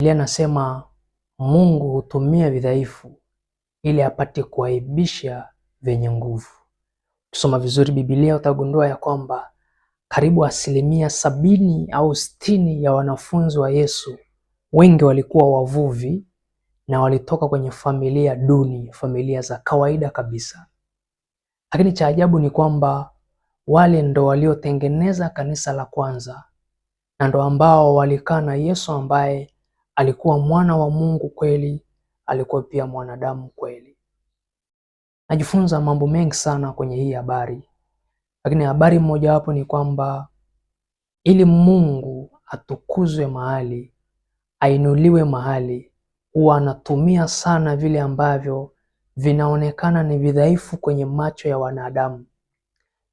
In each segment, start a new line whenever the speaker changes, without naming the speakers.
Biblia nasema Mungu hutumia vidhaifu ili apate kuaibisha vyenye nguvu. Ukisoma vizuri Biblia utagundua ya kwamba karibu asilimia sabini au sitini ya wanafunzi wa Yesu wengi walikuwa wavuvi na walitoka kwenye familia duni, familia za kawaida kabisa. Lakini cha ajabu ni kwamba wale ndo waliotengeneza kanisa la kwanza na ndo ambao walikaa na Yesu ambaye alikuwa mwana wa Mungu kweli, alikuwa pia mwanadamu kweli. Najifunza mambo mengi sana kwenye hii habari, lakini habari mojawapo ni kwamba ili Mungu atukuzwe mahali, ainuliwe mahali, huwa anatumia sana vile ambavyo vinaonekana ni vidhaifu kwenye macho ya wanadamu,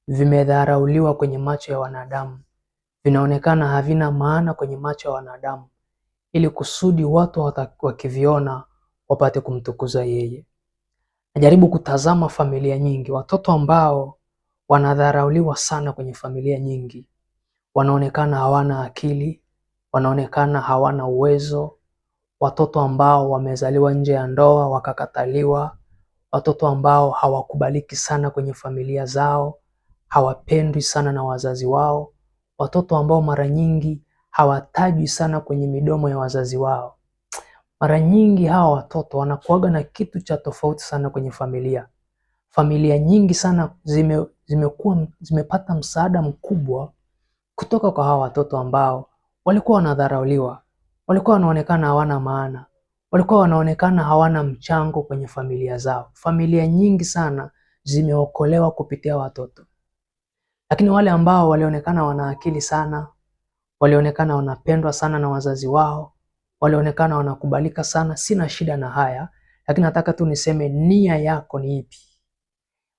vimedharauliwa kwenye macho ya wanadamu, vinaonekana havina maana kwenye macho ya wanadamu ili kusudi watu wakiviona wapate kumtukuza yeye. Najaribu kutazama familia nyingi, watoto ambao wanadharauliwa sana kwenye familia nyingi, wanaonekana hawana akili, wanaonekana hawana uwezo, watoto ambao wamezaliwa nje ya ndoa wakakataliwa, watoto ambao hawakubaliki sana kwenye familia zao, hawapendwi sana na wazazi wao, watoto ambao mara nyingi hawatajwi sana kwenye midomo ya wazazi wao. Mara nyingi hawa watoto wanakuaga na kitu cha tofauti sana kwenye familia. Familia nyingi sana zime, zimekuwa, zimepata msaada mkubwa kutoka kwa hawa watoto ambao walikuwa wanadharauliwa, walikuwa wanaonekana hawana maana, walikuwa wanaonekana hawana mchango kwenye familia zao. Familia nyingi sana zimeokolewa kupitia watoto. Lakini wale ambao walionekana wana akili sana, walionekana wanapendwa sana na wazazi wao, walionekana wanakubalika sana. Sina shida na haya, lakini nataka tu niseme nia yako ni ipi?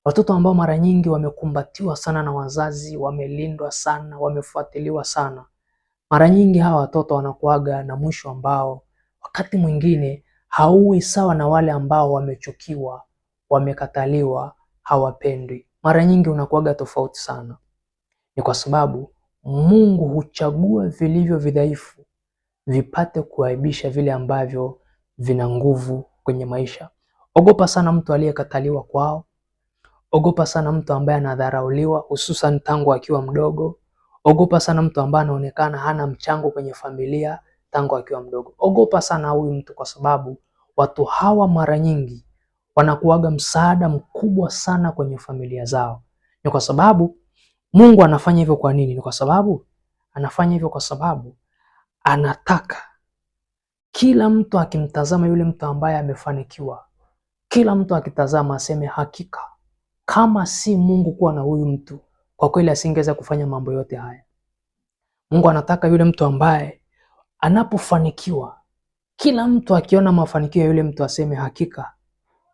Watoto ambao mara nyingi wamekumbatiwa sana na wazazi, wamelindwa sana, wamefuatiliwa sana, mara nyingi hawa watoto wanakuaga na mwisho ambao wakati mwingine hauwi sawa na wale ambao wamechukiwa, wamekataliwa, hawapendwi. Mara nyingi unakuaga tofauti sana, ni kwa sababu Mungu huchagua vilivyo vidhaifu vipate kuaibisha vile ambavyo vina nguvu kwenye maisha. Ogopa sana mtu aliyekataliwa kwao. Ogopa sana mtu ambaye anadharauliwa hususan tangu akiwa mdogo. Ogopa sana mtu ambaye anaonekana hana mchango kwenye familia tangu akiwa mdogo. Ogopa sana huyu mtu kwa sababu watu hawa mara nyingi wanakuaga msaada mkubwa sana kwenye familia zao. Ni kwa sababu Mungu anafanya hivyo kwa nini? Ni kwa sababu anafanya hivyo kwa sababu anataka kila mtu akimtazama yule mtu ambaye amefanikiwa, kila mtu akitazama aseme hakika, kama si Mungu kuwa na huyu mtu, kwa kweli asingeweza kufanya mambo yote haya. Mungu anataka yule mtu ambaye anapofanikiwa, kila mtu akiona mafanikio ya yule mtu aseme hakika,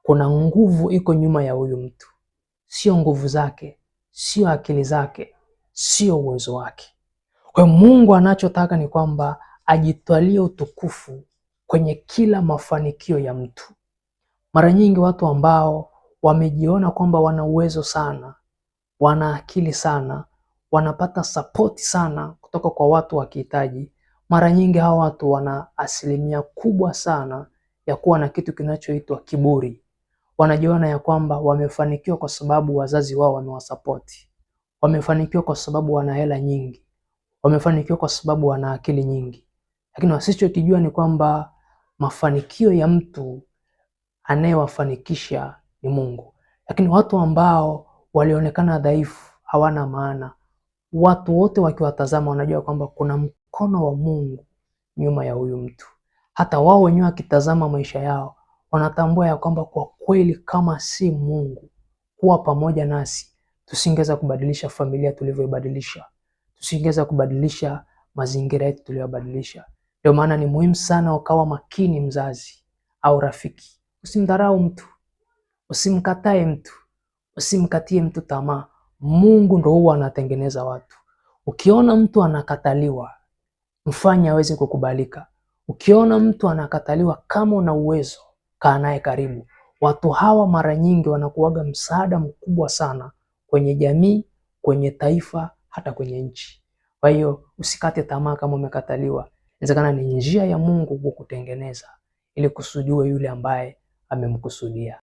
kuna nguvu iko nyuma ya huyu mtu, sio nguvu zake, sio akili zake, sio uwezo wake. Kwa Mungu anachotaka ni kwamba ajitwalie utukufu kwenye kila mafanikio ya mtu. Mara nyingi watu ambao wamejiona kwamba wana uwezo sana, wana akili sana, wanapata sapoti sana kutoka kwa watu wa kihitaji, mara nyingi hawa watu wana asilimia kubwa sana ya kuwa na kitu kinachoitwa kiburi wanajiona ya kwamba wamefanikiwa kwa sababu wazazi wao wamewasapoti, wamefanikiwa kwa sababu wana hela nyingi, wamefanikiwa kwa sababu wana akili nyingi. Lakini wasichokijua ni kwamba mafanikio ya mtu anayewafanikisha ni Mungu. Lakini watu ambao walionekana dhaifu, hawana maana, watu wote wakiwatazama wanajua kwamba kuna mkono wa Mungu nyuma ya huyu mtu. Hata wao wenyewe wakitazama maisha yao wanatambua ya kwamba kwa kweli kama si Mungu kuwa pamoja nasi, tusingeweza kubadilisha familia tulivyoibadilisha, tusingeweza kubadilisha mazingira yetu tuliyobadilisha. Ndio maana ni muhimu sana ukawa makini, mzazi au rafiki, usimdharau mtu, usimkatae mtu, usimkatie mtu tamaa. Mungu ndo huwa anatengeneza watu. Ukiona mtu anakataliwa, mfanye aweze kukubalika. Ukiona mtu anakataliwa, kama una uwezo kaa naye karibu. Watu hawa mara nyingi wanakuwaga msaada mkubwa sana kwenye jamii, kwenye taifa, hata kwenye nchi. Kwa hiyo usikate tamaa kama umekataliwa, inawezekana ni njia ya Mungu kukutengeneza ili kusudiwe yule ambaye amemkusudia.